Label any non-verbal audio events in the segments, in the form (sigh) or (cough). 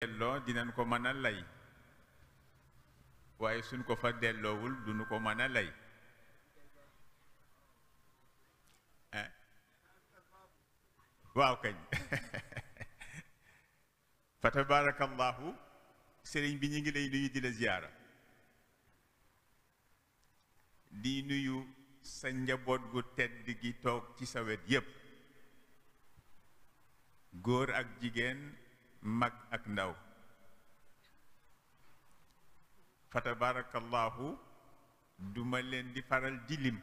delloo dinañ ko mën a lay waaye suñ ko fa delloowul duñu ko mën a lay eh? waaw kañ (laughs) fa tabarakallahu sëriñ bi ñu ngi lay nuyu di la ziyaara di nuyu sa njaboot gu tedd gi toog ci sa wet yépp góor ak jigéen mag ak ndaw fatabarakallahu duma len di faral dilim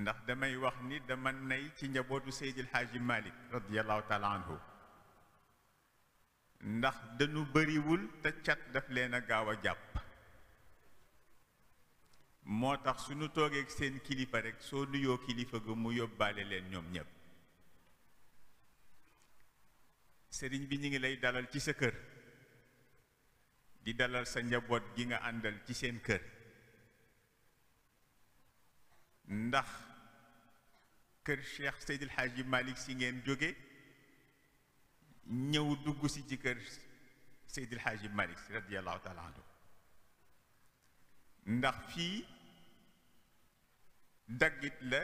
ndax damay wax ni dama nay ci njabootu Seydil Haaji Malik radiyallahu taala anhu ndax dañu wul te chat daf leena gawa jàpp motax suñu toge ak seen kilifa rek so nuyo kilifa ga mu yobale len ñom ñëpp sëriñ bi ñu ngi lay dalal ci sa kër di dalal sa njaboot gi nga àndal ci seen kër ndax kër Cheikh Seydil Hadji malik si ngeen jóge ñëw dugg si ci kër Seydil Hadji Malick si radiyallahu taala anhu ndax fii daggit la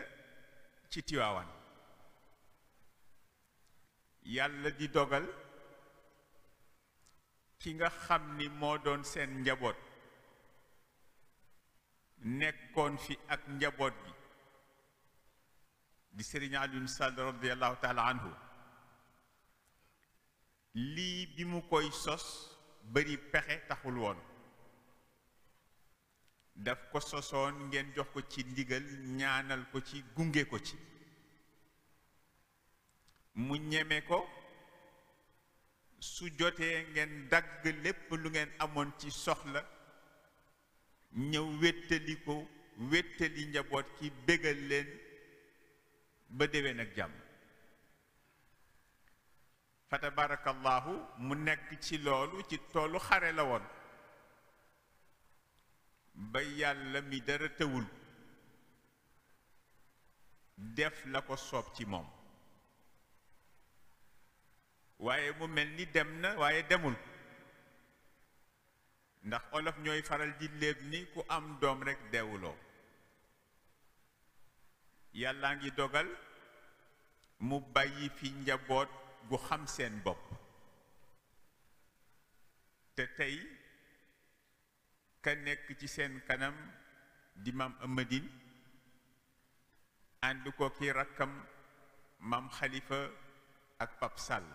ci Tiwaawan yàlla di dogal ki nga xam ni moo doon seen njaboot nekkoon fi ak njaboot gi di Serigne Alioune radiallahu taala anhu lii bi mu koy sos bari pexe taxul woon daf ko sosoon ngeen jox ko ci ndigal ñaanal ko ci gunge ko ci mu ñeme ko su jotee ngeen dagg lépp lu ngeen amoon ci soxla ñëw wéttali ko wéttali njaboot ki bégal leen ba déwén nag jàmm fa tabarakallahu mu nekk ci loolu ci toolu xare la woon ba yàlla mi dara tëwul def la ko soob ci moom waaye mu mel ni dem na waaye demul ndax olof ñooy faral di léeb ni ku am doom rekk deewuloo yàlla ngi dogal mu bàyyi fi njaboot gu xam seen bopp te tey ka nekk ci seen kanam di maam Amadine ànd ko ki rakkam maam Xalifa ak Pap Sall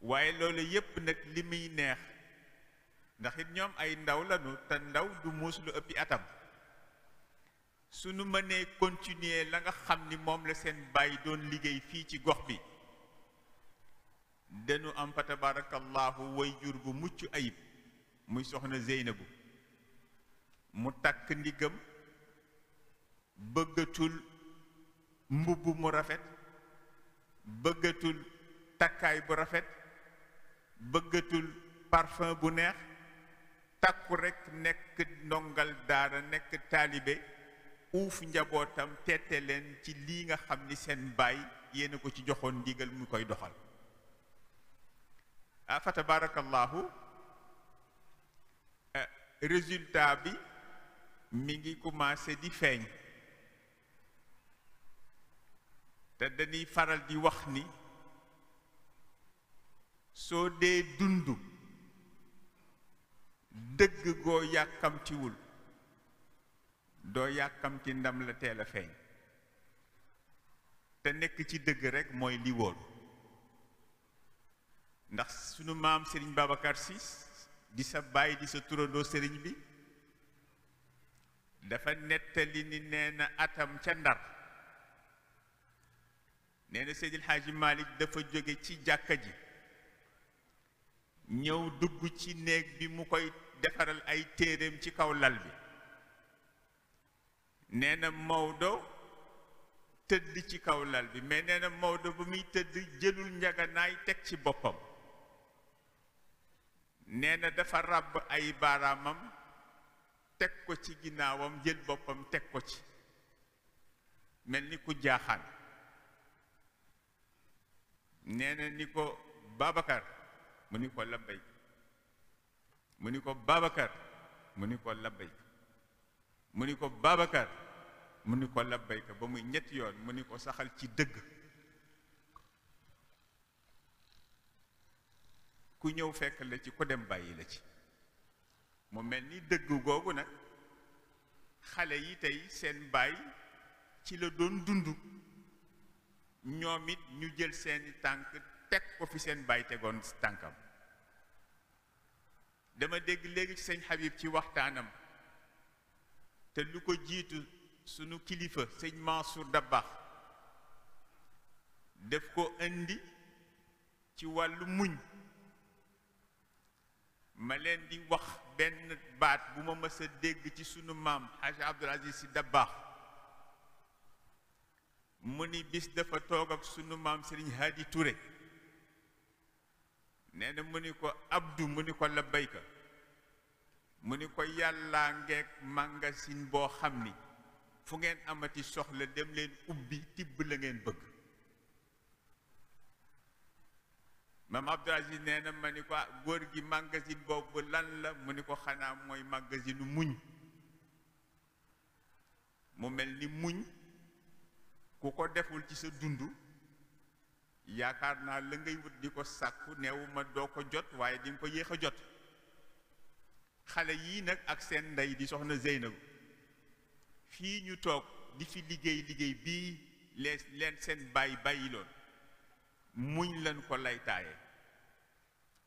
waaye loolu yépp nag li muy neex ndaxit ñoom ay ndaw lañu te ndaw du muus lu ëppi atam suñu mënee continuer la nga xam ni moom la seen bàyyi doon liggéey fii ci gox bi danu am fa tabarakallahu way jur bu mucc ayib muy soxna Zeynabu mu takk ndigam bëggatul mbubb mu rafet bëggatul takkaay bu rafet bëggatul parfum bu neex takku rekk nekk ndongal daara nekk taalibe uuf njabootam teete leen ci lii nga xam ni seen baay yéena ko ci joxoon ndigal mu koy doxal ah fa tabaarakallaahu eh, résultat bi mi ngi commencé di feeñ te dañuy faral di wax ni soo dee dund dëgg goo yàkkamtiwul doo yàkkamti ndam la teel a feeñ te nekk ci dëgg rekk mooy li wóolu ndax sunu maam Serigne Babacar Sy di sa bàyyi di sa turandoo Serigne bi dafa nettali ni nee na atam ca ndar nee na Seydil Hadji dafa jóge ci jàkka ji ñëw dugg ci néeg bi mu koy defaral ay téereem ci kaw lal bi neena na Maodo tëdd ci kaw lal bi mais nee na Maodo ba muy tëdd jëlul njaganaay teg ci boppam neena na dafa ràbb ay baaraamam teg ko ci ginnaawam jël boppam teg ko ci mel ni ku jaaxaan nee na ni ko Babacar mu ni ko labbay mu ni ko Babacar mu ni ko labbay mu ni ko Babacar mu ni ko labbay ba muy ñetti yoon mu ni ko saxal ci dëgg ku ñëw fekk la ci ku dem bàyyi la ci mu mel ni dëgg googu nag xale yi tey seen baay ci la doon dund ñoom it ñu jël seeni tànk teg ko fi seen baay tegoon tànkam dama dégg léegi ci sëñ Habib ci waxtaanam te lu ko jiitu sunu kilifa sëñ Mansour Dabakh def ko indi ci wàllu muñ ma leen di wax benn baat bu ma mës dégg ci sunu maam Haji Abdul Aziz Sy Dabakh mu ni bis dafa toog ak sunu maam Serigne Hadi Touré nee na mu ne ko abdu mu ni ko labbayka mu ni ko yàllaa ngeeg magasin boo xam ni fu ngeen amati soxla dem leen ubbi tibb la ngeen bëgg maam Abdou Aziz nee ma ni ko ah, góor gi magasin boobu lan la mu ni ko xanaa mooy magasinu muñ mu mel ni muñ ku ko deful ci sa dund yaakaar naa la ngay wut di ko sàkku neewu ma doo ko jot waaye di nga ko yéex a jot xale yii nag ak seen ndey di soxna Zeynabu fii ñu toog di fi liggéey liggéey bii lees leen seen bàyyi bàyyiloon muñ leen ko laytaaye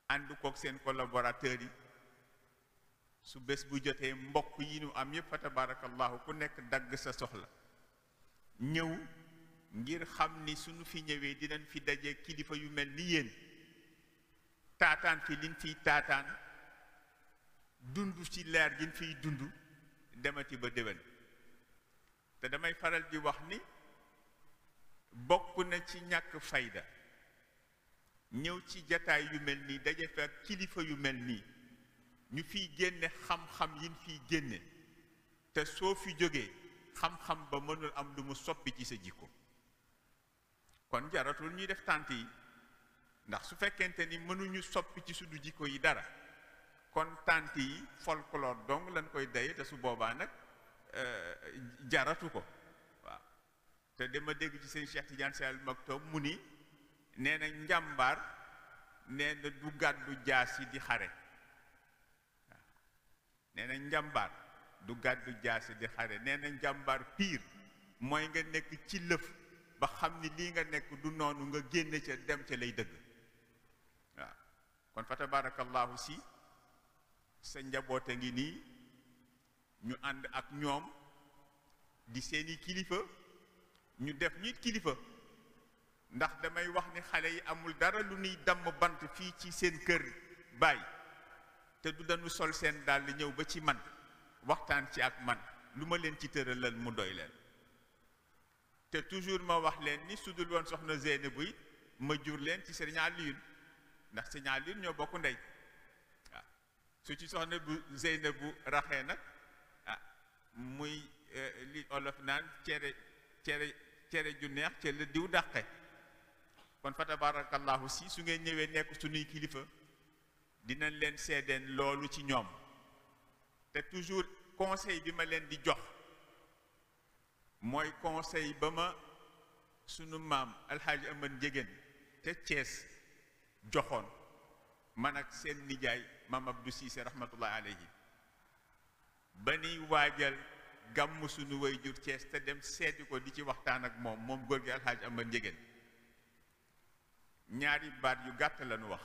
ànd kook seen collaborateurs yi su bés bu jotee mbokk yi ñu am yépp fa tabarakallahu ku nekk dagg sa soxla ñëw ngir xamni suñu fi ñëwee dinañ fi daje kilifa yu melni yéen taataan fi liñ fi taataan dundu ci leer giñ fi dundu demati ba déwén te damay faral di wax ni bokku na ci ñak fayda ñëw ci jotaay yu melni daje fa kilifa yu melni ñu fi génne xam-xam yin fi génne te so fi joggé xam xam-xam ba mënul am lu mu soppi ci sa jikko kon jaratul ñuy def tànt yi ndax su fekkente ni mënuñu soppi ci suñu jiko yi dara kon tànt yi folklore dong lañ koy daye te su boobaa nag euh, jaratu ko waa te dama dégg ci seen Cheikh Tidiane Sy Al mu ni nee na njàmbaar neena du gàddu jaas yi di xare waaw nee na njàmbaar du gàddu jaas yi xare nee na njàmbaar pire mooy nga nekk ci lëf ba xam ni lii nga nekk du noonu nga génn ca dem ca lay dëgg waaw kon fa tabaarakallaahu si sa njaboot a ngi nii ñu ànd ak ñoom di seeni kilifa ñu def nit kilifa ndax damay wax ni xale yi amul dara lu nuy damm bant fii ci seen kër baay te du dañu sol seen dàll ñëw ba ci man waxtaan ci ak man lu ma leen ci tëralal mu doy leen te toujours ma wax len ni su dul woon soxna Zeyna ma jur len ci Serigne Alioune ndax Serigne Alioune ñoo bokk ndey waaw su ci soxna bu Zeyna bu raxee ah muy eh, li olof naan cere cere ju neex ci la diw dàqe kon fa tabarakallahu si su ngeen ñëwé nekk suñu kilifa dinañ len sédène loolu ci ñoom te toujours conseil bi ma di jox mooy conseil ba ma sunu maam alxaaji aman njegéen te Cees joxoon man ak seen nijaay maam du Cissé rahmatullahi alayhi ba nuy waajal gàmm sunu way jur Cees te dem seeti ko di ci waxtaan ak moom moom góor gi alxaaji aman njegéen ñaari baat yu gàtt lañu wax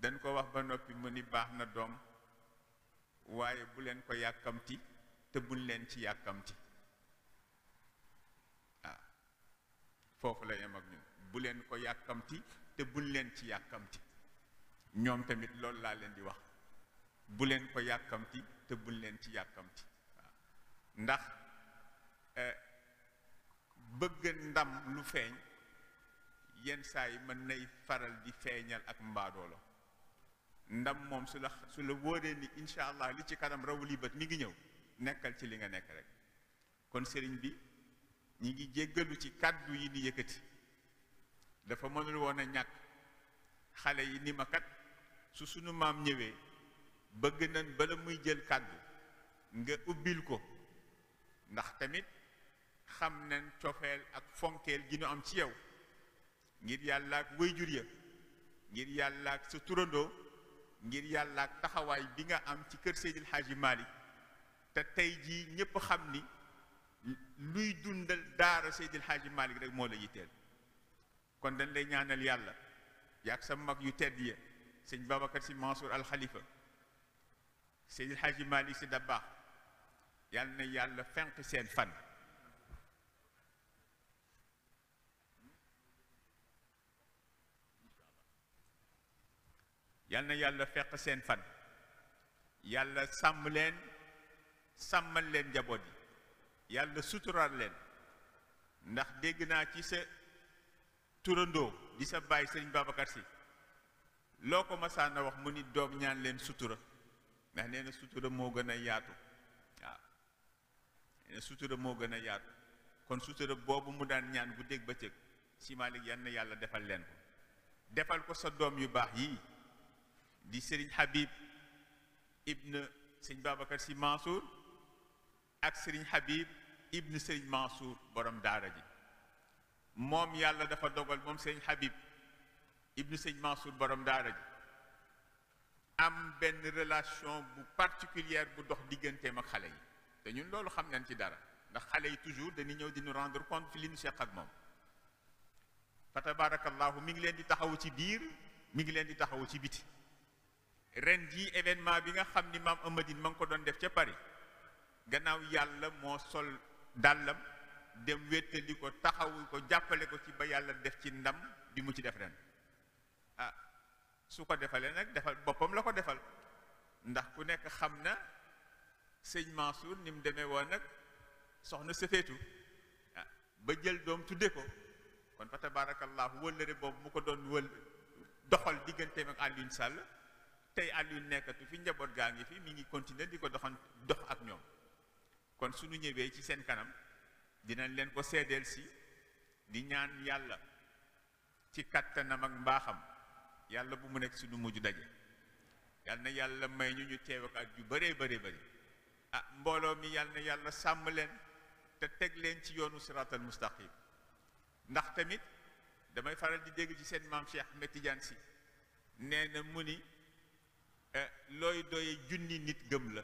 dañ ko wax ba noppi mu ni baax na doom waaye bu leen ko yàkkamti te buñ leen ci yàkkamti foofu la yem ak ñun bu leen ko yàkkamti te buñ leen ci yàkkamti ñoom tamit loolu laa leen di wax bu leen ko yàkkamti te buñ leen ci yàkkamti waaw ndax eh, bëgg ndam lu feeñ yenn saa yi mën nay faral di feeñal ak mbaadoolo ndam moom su la su la wóoree ni incha allah li ci kanam rawu li bët mi ngi ñëw nekkal ci li nga nekk rek kon sëriñ bi ñi ngi jéggalu ci kàddu yi ni yëkkati dafa mënul woon a ñàkk xale yi ni ma kat su sunu maam ñëwee bëgg nañ bala muy jël kàddu nga ubbil ko ndax tamit xam nañ cofeel ak fonkeel gi nu am ci yow ngir yàlla ak wayjur ya ngir yàlla ak sa turandoo ngir yàlla ak taxawaay bi nga am ci kër Seydil Hadji Malick te tey jii ñépp xam ni luy dundal daara Seydil Hadji Malick rek moo la yitteel kon dañ lay ñaanal yàlla yaag sa mag yu tedd ya sëñ Babacar si Mansour Al Khalifa Seydil Hadji Malick si Dabakh yàlla na yàlla fenq seen fan yàlla na yàlla fenq seen fan yàlla sàmm leen sàmmal leen njaboot yi yàlla suturaal leen ndax dégg naa ci sa turandoo di sa bàyyi sëñ Babacar si loo ko masaan a wax mu ni doom ñaan leen sutura ndax nee sutura moo gën a yaatu waaw nee na moo gën a yaatu kon sutura boobu mu daan ñaan guddeeg bëccëg ba Malick yan na yàlla defal leen ko defal ko sa doom yu baax yii di sëriñ Habib ibn sëñ Babacar si Mansour ak sëriñ Habib ibnu sëñ Mansour borom daara ji moom yàlla dafa dogal moom sëñ Habib ibnu sëñ Mansour borom daara ji am benn relation bu particulière bu dox digganteem ak xale yi te ñun loolu xam nañ ci dara ndax xale yi toujours dañu ñëw dinu rendre compte fi li ñu seq ak moom fa tabarakallahu mi ngi leen di taxawu ci biir mi ngi leen di taxawu ci biti ren jii événement bi nga xam ni maam Amadine ma ngi ko doon def ca Paris gannaaw yàlla moo sol dàllam dem wéttali ko taxawul ko jàppale ko ci ba yàlla def ci ndam bi mu ci def ren ah su ko defalee nag defal boppam la ko defal ndax ku nekk xam na sëñ Mansour ni mu demee woon nag soxna sëfeetu ah ba jël doom tudde ko kon fa tabaarakallaahu wëllëre boobu mu ko doon wël doxal digganteem ak Alioune Sall tey Alioune nekkatu fi njaboot gaa ngi fii mu ngi continuer di ko doxan dox ak ñoom kon suñu ñëwee ci seen kanam dinañ leen ko seedeel si di ñaan yàlla ci kattanam ak mbaaxam yàlla bu mu nekk suñu mujj daje yàlla na yàlla may ñu ñu teew ak yu bare bëri bëri ah mbooloo mi yàlla na yàlla sàmm leen te teg leen ci yoonu siraatal mustaqim ndax tamit damay faral di dégg ci seen maam Cheikh Ahmed si nee na mu ni eh, looy doye junni nit gëm la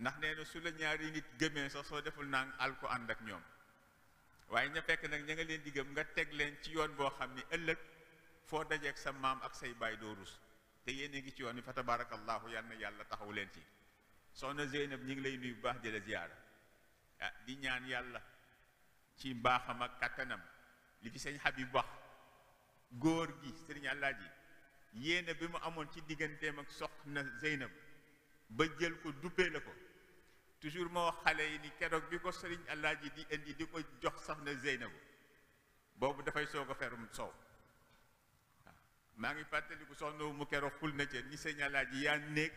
ndax nee na su la ñaari nit gëmee sax soo deful naan alko ànd ak ñoom waaye ña fekk nag ña nga leen di gëm nga teg leen ci yoon boo xam ni ëllëg foo dajeek sa maam ak say baay doo rus te yéen gi ci yoon ni fa tabaarakallaahu yal na yàlla taxaw leen ci soxna Zeynab ñi ngi lay nuyu bu baax di la ziyaara ah di ñaan yàlla ci baaxam ak kàttanam li fi sëñ Habib baax góor gi sëriñ Alaaji yéene bi mu amoon ci digganteem ak soxna Zeynab ba jël ko duppé la ko toujours mo wax xale yi ni keroog bi ko sëriñ Alaaji di indi di ko jox soxna Zeynabu bobu da fay a ferum so ma ngi ko soxna mu kéro ful na ci ni sëriñ Alaaji ya nek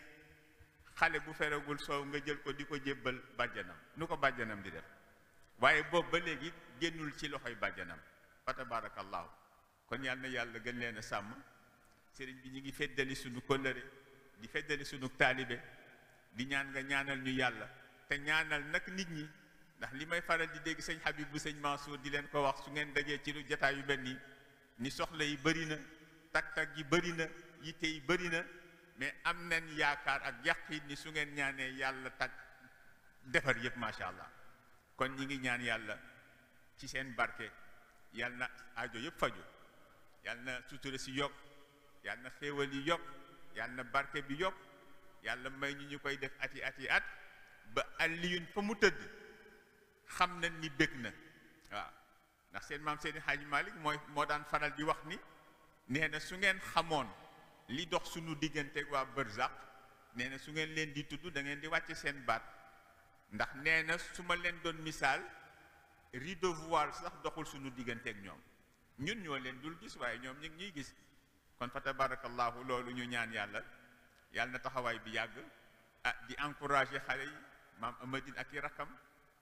xale bu feragul so nga jël ko diko jébal jébbal nuko nu di def waye bobu ba légui génnul ci loxoy bàjjanam fa kon yalna yàlla gën leena sam sëriñ bi ñi ngi fédali sunu kóllëre di fédali sunu talibé di ñaan nga ñaanal ñu yàlla te ñaanal nag nit ñi ndax li may faral di dégg sëñ Habib bu sëñ Mansour di leen ko wax su ngeen dajee ci lu jotaay yu mel nii ni soxla yi bëri na tak-tak yi bëri na yitte yi bëri na mais am nañ yaakaar ak yàqit ni su ngeen ñaanee yàlla takk defar yëpp macha allah kon ñi ngi ñaan yàlla ci seen barke yàlla na aajo yëpp faju yàlla na sutura si yokk yàlla na xéewal yi yokk yàlla na barke bi yokk yàlla may ñu ñu koy def ati ati at ba Aliyun fa mu tëdd xam na ni bég na waaw ndax seen maam Seydi Hadji Malick mooy moo daan faral di wax ni nee na su ngeen xamoon li dox suñu digganteeg waa bërzaq nee na su ngeen leen di tudd da ngeen di wàcce seen baat ndax nee na leen doon misaal rideau voile sax doxul suñu digganteeg ñoom ñun ñoo leen dul gis waaye ñoom ñu ñuy gis kon fa tabarakallahu loolu ñu ñaan yàlla yàlla na taxawaay bi yàgg ah di encouragé xale yi maam Amadine ak i rakkam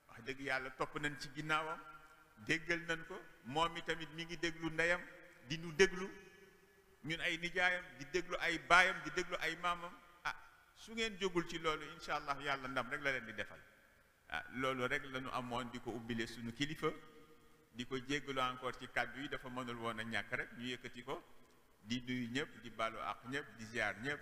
wax dëgg yàlla topp nañ ci ginnaawam déggal nañ ko moom i tamit mi ngi déglu ndeyam di nu déglu ñun ay nijaayam di déglu ay baayam di déglu ay maamam ah su ngeen jógul ci loolu incha allah yàlla ndam rek la leen di defal a ah, loolu rek la ñu amoon di ko ubbile suñu kilifa di ko jéggalu encore ci kàddu yi dafa mënul woon a ñàkk rek ñu yëkkati ko di nuyu ñëpp di balu ak ñëpp di ziar ñëpp